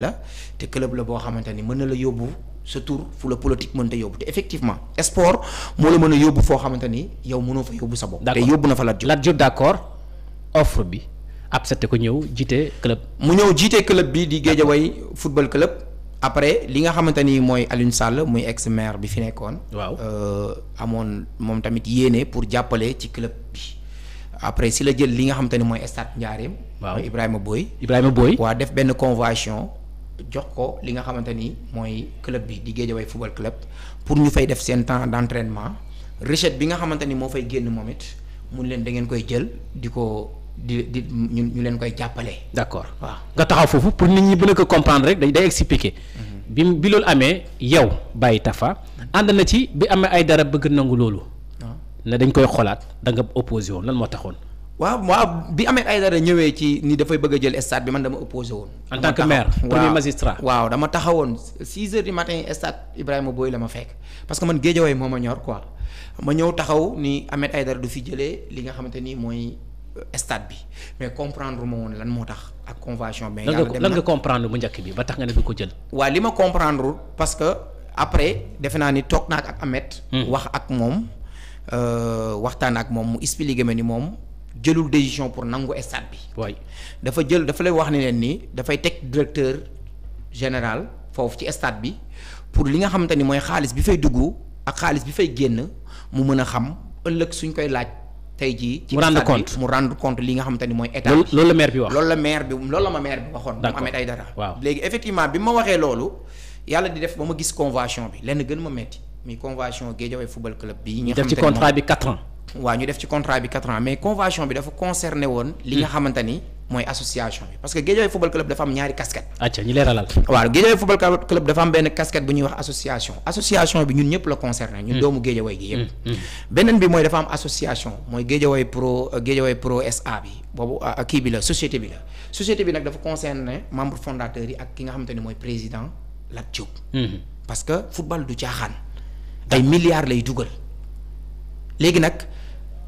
la te club la boo xamante ni mën na la yóbbu sa tour fu la politique mënta yóbbu te effectivement sport moo la mën a yóbbu foo xamante ni yow mënoo fa yóbbu sa bopp. te yóbbu na fa Lat Diop. Lat Diop d'accord offre bi accepté ko ñëw jiite club. mu ñëw jiite club bi di Guédiawaye football club. après li nga xamante ni mooy Alioune Sall muy ex maire bi fi nekkoon. waaw euh, amoon moom tamit yéene pour jàppale ci club bi après si la jël li nga xamante ni mooy stade Ndiarème. waaw Ibrahima Boy. Ibrahima Boy waa def benn convention. jox ko li nga xamante ni mooy club bi di Guédiawaye football club pour ñu fay def seen temps d'entraînement recette bi nga xamante ni moo fay génn moom it mun leen da ngeen koy jël di ko di di ñu ñu leen koy jàppale. d'accord waaw nga taxaw foofu pour nit ñi bu ko comprendre rek day day expliquer. Mhm. bi bi loolu amee yow Baye Tafa ànd na ci bi amee ay dara bëgg nangu loolu. Ah. na dañ koy xolaat da nga opposé woon lan moo taxoon. waaw waaw bi Ahmed Aïdara ñëwee ci ni dafay bëgg a jël stade bi man dama opposé woon. en tant que maire premier magistrat waaw dama taxawoon 6 heures du matin stade Ibrahima Boye la ma fekk parce que man Guédiawaye moo ma ñor quoi ma ñëw taxaw ni Ahmed Aïdara du fi jëlee li nga xamante ni mooy euh, stade bi mais comprendre ma woon lan moo tax ak convention. mais lan nga comprendre bu njëkk bi ba tax nga ne du ko jël. waaw li ma comprendre parce que après defe naa ni toog naa ak Ahmed. Hmm. wax ak moom euh, waxtaan ak moom mu expliqué ma ni moom. jëlul décision pour nangu stade bi. waay dafa jël dafa lay wax ne leen nii dafay teg directeur général foofu ci stade bi pour li nga xamante ni mooy xaalis bi fay dugg ak xaalis bi fay génn mu mën a xam ëllëg suñ koy laaj. tey jii ci mu rendre compte mu rendre compte li nga xamante ni mooy état bi loolu la maire bi wax loolu la maire bi loolu la maire bi waxoon. mu amee ay dara. léegi effectivement bi ma waxee loolu yàlla di def ba ma gis convention bi lenn gën ma metti muy convention Guédiawaye football club waa ñu def ci contrat bi quatre ans mais convention bi dafa concerné woon. li nga hmm. xamante ni mooy association bi parce que Guédiawaye football club dafa am ñaari casquette. acca ñu leeralal. waaw Guédiawaye football club dafa am benn casquette bu ñuy wax association association bi ñu ñëpp la concerné. ñun hmm. doomu Guédiawaye gi yëpp. Hmm, beneen bi mooy dafa am association mooy Guédiawaye pro euh, Guédiawaye pro SA bi boobu euh, euh, kii bi la société bi la société bi nag dafa concerné membre fondateur yi ak ki nga xamante ni mooy président Lat Diop. parce que football du caaxaan. ay milliards lay dugal. léegi nag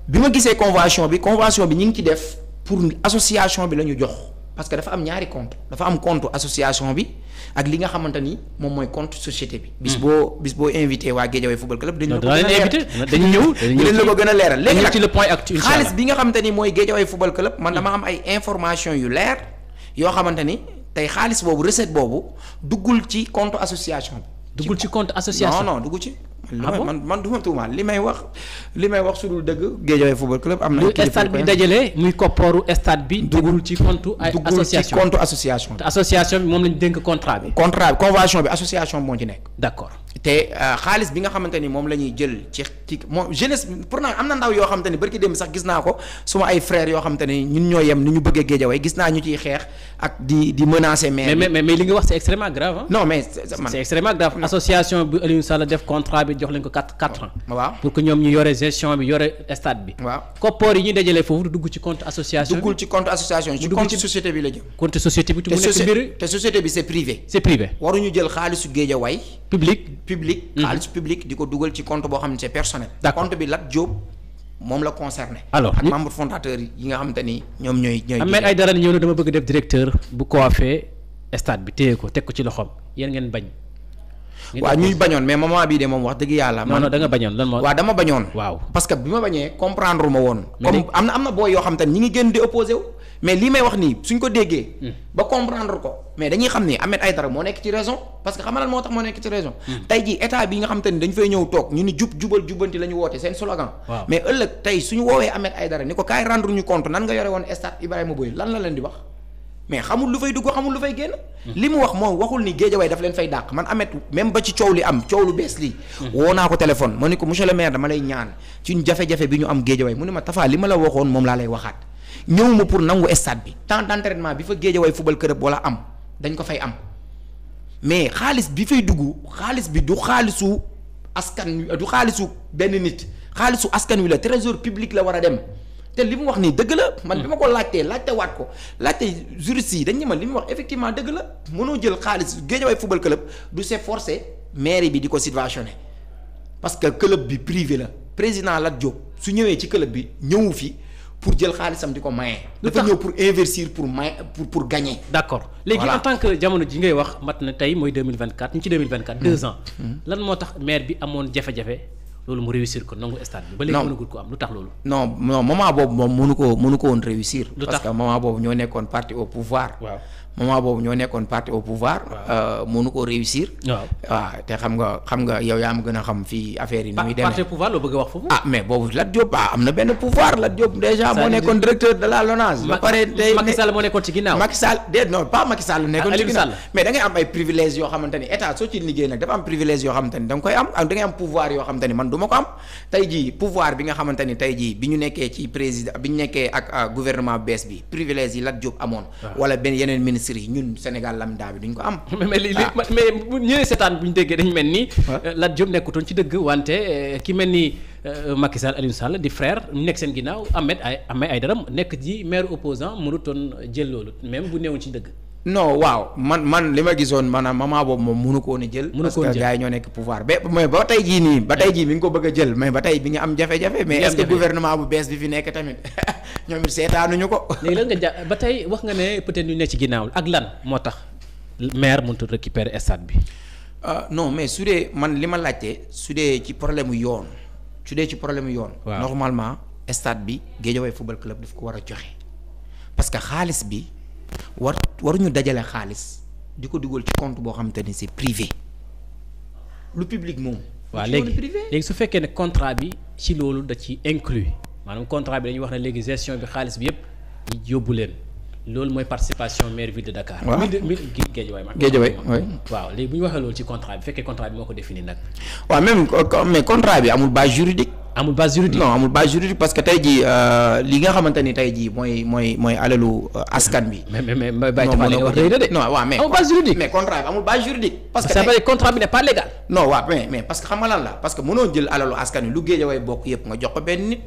bi ma gisee convention bi convention bi ñu ngi ci def pour association bi la ñu jox parce que dafa am ñaari compte dafa am compte association bi ak li nga xamante ni moom mooy contre société bi. bis hmm. boo bis boo invité waa Guédiawaye football club. dañu la ko gën a leeral dañu a leeral. léegi nag ci le point actuel xaalis bi nga xamante ni mooy Guédiawaye football club. man dama hmm. am ay information yu leer yoo xamante ni tey xaalis boobu recette boobu duggul ci compte association bi. duggul ci compte association non non ci. Ah man man du ma tuumaal li may wax li may wax su dul dëgg Guédiawaye football club am na lu stade bi dajale muy koppooru stade bi dugul ci compte ay association association association bi moom lañ dénk contrat bi contrat bi convention bi association moo ci nekk d'accord te euh, xaalis bi nga xamante ni moom la ñuy jël ci ci moom jeunesse pour nag am na ndaw yoo xamante ni barki démb sax gis naa ko suma ay frères yoo xamante ni ñun ñoo yem ni ñu bëggee géejawaay gis naa ñu ciy xeex ak di di menacer maire. mais mais mais li nga wax c'est extrêmement grave ah. non mais c'est extrêmement grave association bu Aliou Sall def contrat bi jox leen ko quatre quatre ans. pour que ñoom ñu yore gestion bi yore stade bi. koppoor yi ñuy dajale foofu ci compte association. duggul ci compte association ci compte société bi la jëm. compte société bi te mu public. Mhm. xaalis public di ko dugal ci compte boo xam ne c'est personnel. compte bi Lat Diop moom la concerné. alors ak membre fondateur yi nga xamante ni ñoom ñooy. ñooy Ahmed Aïdara ñëw na dama bëgg def directeur bu coiffé stade bi téye ko teg ko ci loxoom yéen ngeen bañ. waaw ñuy bañoon mais moment bii de moom wax dëgg yàlla. non non bañoon lan moo. waaw dama bañoon. waaw parce bi ma bañee comprendre ma woon. comme am na am na booy yoo xam te ñi ngi mais lii may wax nii suñ ko déggee. Hmm. ba comprendre ko mais dañuy xam ni ay Aïdara moo nekk ci raison parce que xamalal moo tax moo nekk ci raison. Hmm. tey jii état bi nga xam te ni fay ñëw toog ñu ni jub jubal jubanti la ñu woote seen slogan. mais ëllëg tey suñu woowee Ahmed Aïdara ni ko kaay rendre ñu compte nan nga yore woon stade Ibrahima Boye lan la leen di wax. mais xamul lu fay dugg xamul lu fay génn. Hmm. li mu wax moom waxul ni géejawaay daf leen fay dàq man amet même ba ci coow li am coow lu bees lii. ko téléphone ma ni ko monsieur le maire dama lay ñaan ci jafe-jafe li ma la waxoon moom laa lay waxaat ñëwuma pour nangu stade bi temps d'entraînement bi fa Guédiawaye football club wala am dañ ko fay am mais xaalis bi fay dugg xaalis bi du xaalisu askan du xaalisu benn nit xaalisu askan wi la trésor public la war a dem te li mu wax nii dëgg la. man bi ma ko laajtee laajte waat ko laajte juriste yi dañ ne ma li mu wax effectivement dëgg la mënoo jël xaalis Guédiawaye football club du se forcer mairie bi di ko subventionné parce que club bi privé la président Lat Diop su ñëwee ci club bi ñëwu fi. pour jël xaalisam di ko maye. dafa ñëw pour investir pour may pour pour gagner. d' accord léegi en tant que jamono ji ngay wax mat na tey mooy 2024 ñu ci 2024. Hmm. deux ans hmm. lan moo tax maire bi amoon jafe-jafe loolu mu réussir ko nangu stade bi. ba léegi mënagul ko am lu tax loolu. non non moment boobu moom mënu ko mënu ko woon réussir. lu tax parce que moment boobu ñoo nekkoon parti au pouvoir. waaw moment boobu ñoo nekkoon parti au pouvoir. Euh, mënu ah, nga xam ma gën a xam fii affaire yi. nu a wax foofu. ah mais boobu Lat Diop ah am na benn pouvoir Lat Diop nekkoon directeur de la LONASE. nekkoon ci ginnaaw. Macky ah, mais da am ay privilèges yoo xamante ni soo ci liggéey nag dafa am privilèges yoo xamante ni koy am da am pouvoir yoo xamante man du ko am tey jii pouvoir bi nga xamante ni tey bi ñu nekkee ci président bi ñu nekkee ak euh, gouvernement bees bi privilèges yi Lat Diop amoon wala benn yeneen ministre yi ñun Sénégal lambda bi duñ ko am. mais li li ah. mais bu ñëwee seetaan bu ñu déggee dañu mel ni. Euh, Lat Diop nekkutoon ci dëgg wante euh, ki mel ni euh, Macky Sall Aliou Sall di frère nekk seen ginnaaw Ahmed ay ay daram nekk ji maire opposant mënutoon jël loolu même bu néewoon ci dëgg. non waaw man man li ma gisoon maanaam moment boobu moom mënu ko woon a jël. mënu a parce que gars yi ñoo nekk pouvoir ba mais ba tey jii nii. ba tey jii mi ngi ko bëgg a jël mais ba tey bi nga am jafe-jafe. mais bu bees bi nekk tamit ñoom it seetaanuñu ko. léegi lan ja ba tey wax nga ne peut-être ne ci ak lan moo tax maire mënut a stade bi. Ah, non mais su dee man li ma laajte su dee ci problème yoon su dee ci problème yoon. normalement stade bi Guédiawaye football club daf ko war a joxe parce que xaalis bi. war waruñu dajale xaalis di ko dugal ci compte boo xamante ni c'est privé lu public moom. waa léegi léegi su fekkee ne contrat bi ci loolu da ci inclus maanaam contrat bi dañuy wax ne léegi gestion bi xaalis bi yépp yóbbu leen loolu mooy participation maire ville de Dakar. waaw mille mille Guédiawaye Guédiawaye waaw léegi bu ñu waxee loolu ci contrat bi fekkee contrat bi moo ko définir nag. waaw même contrat bi amul base juridique. amul base juridique non amul base juridique parce que tey jii euh, li nga xamante ni tey jii mooy mooy mooy alalu euh, askan bi. mais mais mais Baye Tamba mais amul bi amul base juridique. parce que ça veut dire contrat bi n'est pas légal. non waaw mais parce que xam la parce que mënoo jël alalu askan wi lu géej way bokk yëpp nga jox ko benn nit.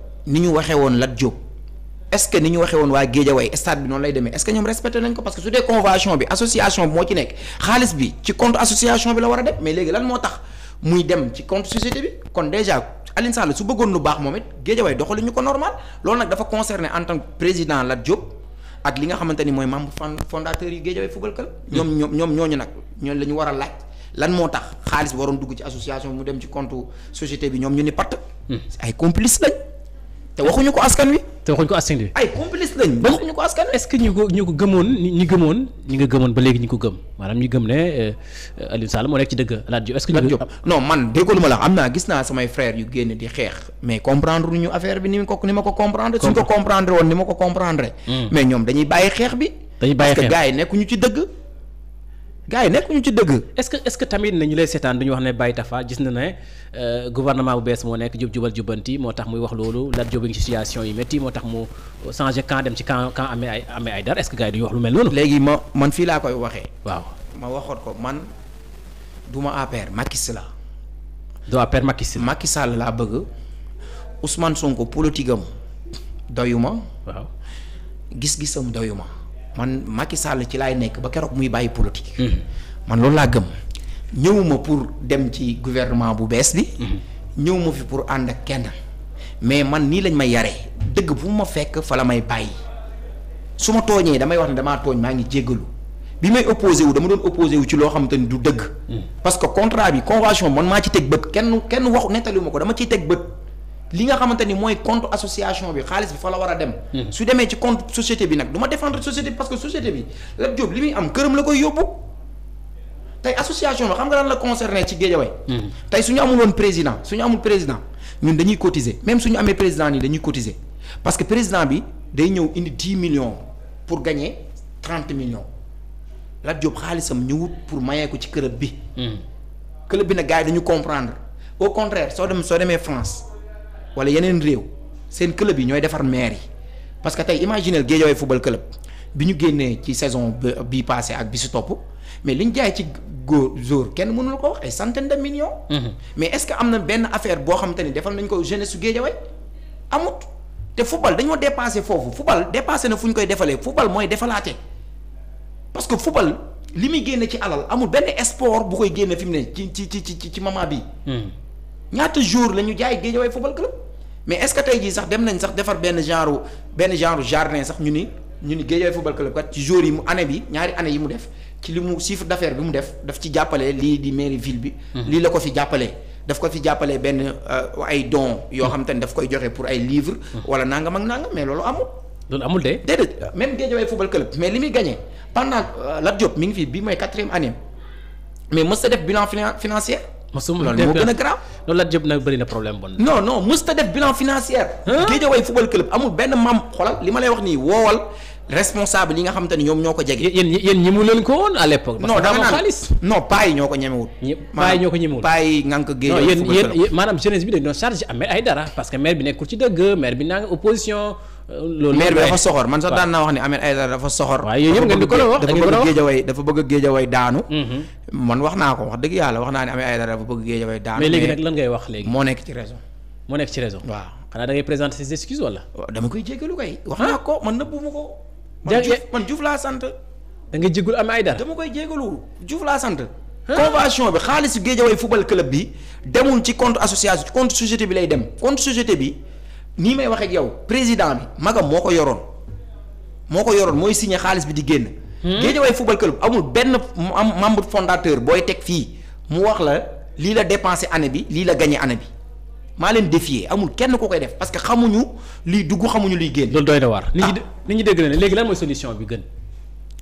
ni ñu waxee woon Lat Diop est-ce que ni ñu waxee woon waa Guédiawaye stade bi noonu lay demee est-ce que ñoom respecté nañ ko parce que su dee convention bi bi moo ci nekk xaalis bi ci compte association bi la war a dem mais léegi lan moo tax muy dem ci compte société bi kon déjà Aline Sall su bëggoon lu baax moom it Guédiawaye doxali ñu ko normal loolu nag dafa concerné en tant président Lat Diop ak li nga xamante ni mooy membre fondateur yi Guédiawaye Football Club ñoom ñoom ñoom ñooñu nag ñooñu la ñu war a laaj lan moo tax xaalis waroon dugg ci association bi dem ci compte société bi ñoom ñu ni patt hmm. ay complice lañ te waxuñu ko askan wi. te waxuñu ko askan wi. ay complice ko askan wi. est ko gëmoon ñi gëmoon ñi nga gëmoon ba léegi ñu ko gëm maanaam ñu gëm ne euh, Aliou Sall moo nekk ci dëgg Lat Diop est-ce que. Lat Diop man déggoo la am naa gis naa samay frères yu génne di xeex mais comprendre ñu affaire bi ni ma ko ni ma ko comprendre. suñ ko comprendre woon ni ma ko comprendre. Hmm. mais ñoom dañuy bàyyi xeex bi. dañuy bàyyi xeex parce que gars yi nekkuñu ci dëgg. gars nekku ñu ci dëgg. est-ce que est-ce que tamit ne ñu lay seetaan du ñu wax ne Baye Tafa gis na ne euh, gouvernement bu bees moo nekk jub jubal jubanti moo tax muy wax loolu la jóge ci situation yi métti moo tax mu changé camp dem ci camp camp amee ay amee est-ce que gars yi wax lu mel noonu. léegi ma man fii laa koy waxee. waaw ma waxoon ko man du ma APR Macky Sall la. du APR Macky Sall. Macky Sall laa bëgg Ousmane Sonko politique am doyuma. waaw gis-gisam doyuma. man Macky Sall ci laay nekk ba keroog muy bàyyi politique. Mhm. man loolu laa gëm. ñëwuma pour dem ci gouvernement bu bees bi. Mhm. ñëwuma fi pour ànd ak kenn. mais man nii lañ may yare dëgg bu mu ma fekk fa la may bàyyi su ma tooñee damay wax ne damaa tooñ maa ngi jéggalu bi may opposé wu dama doon opposé wu ci loo xamante ni du dëgg. Mhm. parce que contrat bi convention man maa ci teg bët kenn kenn waxu nettali ma ko dama ciy teg bët. li nga xamante ni mooy compte association bi xaalis bi fa la war a dem. Hmm. su demee ci compte société bi nag du ma défendre société bi parce que société bi Lat Diop li muy am këram la koy yóbbu tey association bi xam nga lan la concerné ci Guédiawaye. Hmm. tey su ñu amul woon président su ñu amul président ñun dañuy cotiser même su ñu amee président nii dañuy cotiser parce que président bi day ñëw indi dix millions pour gagner trente millions Lat Diop xaalisam ñëwut pour mayee ko ci club bi. Hmm. club bi nag gars yi dañu comprendre au contraire soo dem soo demee France. wala yeneen réew seen club yi ñooy defar maire yi parce que tey imaginer Guédiawaye football club bi ñu génnee ci saison bii passé ak bi si topp mais li ñu jaay ci góor jour kenn mënul ko wax ay centaine de millions. Mhm. mais est-ce que am na benn affaire boo xam te ni defal nañ ko jeunesse su Guédiawaye amut te football dañoo dépassé foofu football dépassé na fu ñu koy defalee football mooy defalaate parce que football li muy génne ci alal amul benn sport bu koy génne fi mu ne ci ci ci ci ci moment bii. Mhm. ñaata jour la ñu jaay Guédiawaye football club mais est-ce tey jii sax dem nañ sax defar benn genre benn genre jardin sax ñu ni ñu ni Guédiawaye football club kat ci jour yi mu année bi ñaari année yi mu def ci li mu chiffre mu def daf ci jàppale lii di mairie ville bi. Mhm. lii la ko fi jàppalee. daf ko fi jàppalee benn euh, ay dons yoo mhm. xam ne daf koy joxe pour ay livres. Mhm. wala nangam ak nangam mais loolu amul. loolu amul de. déedéet ah. même Guédiawaye football club mais li muy gagné pendant euh, Lat Diop mi ngi fi bii mooy quatrième année mais mës a def bilan financier. mosum loolu moo gën a garaaw loolu Lat Diop nag bëri na problème bon non non mës def bilan financier Guédiawaye football club amul benn maam xolal li ma lay wax nii woowal responsable yi nga xam te ne ñoom ñoo ko jege yéen yéen mu leen ko à l'époque non dama naan xaalis non ñoo ko ñemewut paa yi ñoo ko ñemewut paa yi ngànk Guédiawaye yéen yéen maanaam jeunesse bi dañ doon charge amee ay dara parce que maire bi nekkul ci dëgg maire bi naa nga opposition euh, loolu maire bi dafa soxor man sax daan wax ne Ahmed man wax naa ko wax dëgg yàlla wax naa ne Ahmed Aidara bu bëgg Guédiawaye daanu. mais léegi nag lan ngay wax léegi. moo nekk ci raison. moo nekk ci raison. waaw xanaa da ngay présenter ses excuses wala. Oh, dama koy jéggalu koy wax naa ko man nëbbu ma ko. man Diouf man laa sant. da ngay jégalu ay Aidara. dama koy jégalu Diouf laa sant. convention bi xaalisu Guédiawaye football club bi demul ci compte association compte société bi lay dem compte société bi nii may wax ak yow président bi magam moo ko yoroon moo ko yoroon mooy signé xaalis bi di génn. Hmm? Guédiawaye football club amul benn am membre fondateur booy teg fii mu wax la lii la dépensé année bi lii la gagné année bi maa leen défier amul kenn ku koy def parce que xamuñu liy dugg xamuñu liy génn. loolu doy na waar. nit ñi ah. ñi dégg na ne léegi lan mooy bi gën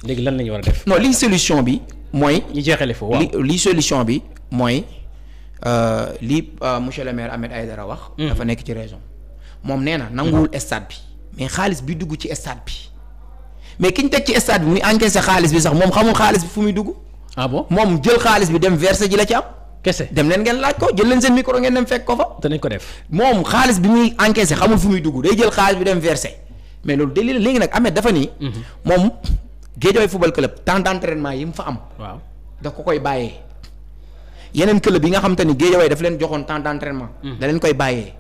léegi lan la ñu war a def. non lii solution bi mooy. ñu jeexale foofu waaw solution bi mooy euh, li euh, monsieur le maire Ahmed Aïdara wax. Hmm. dafa nekk ci raison moom nee na nanguwul stade bi mais xaalis bi dugg ci stade bi. mais ki ñu teg ci stade bi muy encaissé xaalis bi sax moom xamul xaalis bi fu muy dugg. ah moom jël xaalis bi dem versé ji la ci am. kese dem leen ngeen laaj ko jël leen seen micro ngeen dem fekk ko fa. danañ ko def moom xaalis bi muy encaissé xamul fu muy dugg day jël xaalis bi dem versé mais loolu délire la léegi nag Ahmed dafa nii. Mhm. moom Guédiawaye football club temps d' entraînement yi mu fa am. waaw da ko koy bàyyee. yeneen club yi nga xam te ni Guédiawaye daf leen joxoon temps d' entraînement. Mhm. leen koy bàyyee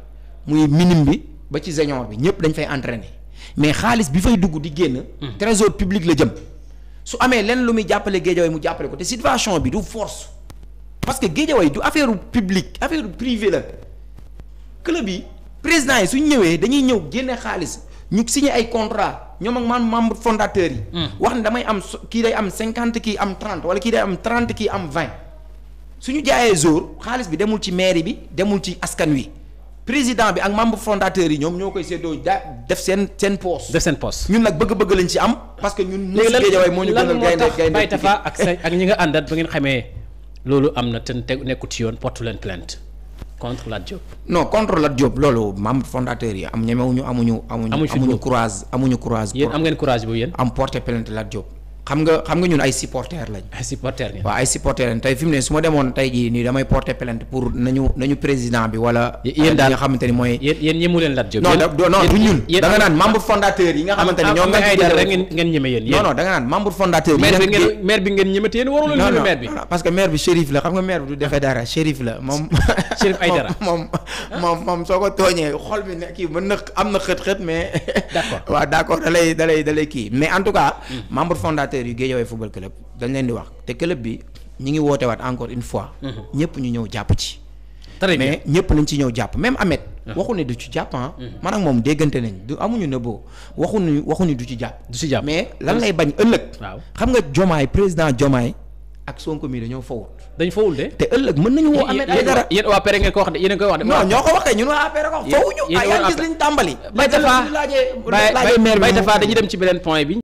muy minime bi ba ci senior bi ñëpp dañ fay entraîner. mais xaalis bi fay dugg di génn. Hmm. trésor publique la jëm. su amee lenn lu muy jàppale géejawaay mu jàppale ko te situation bi du force. parce que géejawaay du affaire publique affaire privée la. club yi président yi suñ ñëwee dañuy ñëw génne xaalis ñu signé ay contrat ñoom ak man membre fondateur yi. Hmm. wax ne damay am kii day am cinquante kii am trente wala kii day am trente kii am vingt. suñu jaayee jour xaalis bi demul ci mairie bi demul ci askan wi. président bi ak membre fondateur yi ñoom ñoo koy séddoo daa def seen seen poste. def seen poste ñun nag bëgg-bëgg lañ ci am. parce que ñun ñoo si géejawaay moo ñu gënal gaynde gaynde Baye Tafa ak say ak ñi nga àndat ba ngeen xamee loolu am na te nekkut ci yoon porte leen plainte contre Lat Diop. non contre Lat Diop loolu membre fondateur yi am ñemewuñu amuñu. amuñu amuñu courage amuñu courage. yéen am ngeen courage bu yéen. am porté plainte Lat Diop. xam nga xam nga ñun ay supporters lañ. ay supporters lañ tey fi ne su ma demoon tey jii nii damay porter plainte pour nañu président bi wala. daal nga xamante mooy. yéen yéen ñemu leen laaj jóg. non non du naan membre fondateur yi nga ah, xamante ah, ñoom. ay nga naan membre fondateur. yi maire bi ngeen ñeme te yéen warul ñeme maire bi. parce que maire bi shérif la xam nga maire bi du defee ah. dara shérif la moom. soo ko tooñee xol bi ne kii mën na am na xët-xët mais. d'accord supporters yu Guédiawaye football club dañ leen di wax te club bi ñi ngi woote waat encore une fois. Mhm. ñëpp ñu ñëw jàpp ci. très bien mais ñëpp lañ ci ñëw jàpp même Ahmed. Ah. waxu ne du ci jàpp ah. Mhm. man ak moom déggante nañ du amuñu nëbboo waxu ne waxu ne du ci jàpp. du ci jàpp mais lan lay bañ ëllëg. xam nga Diomaye président Diomaye ak Sonko mi dañoo fawul. dañ fawul de. te ëllëg mën nañu woo Ahmed Aïdara wax de yéen a ngi wax de. ñoo ko wax fawuñu. dem ci beneen point bi.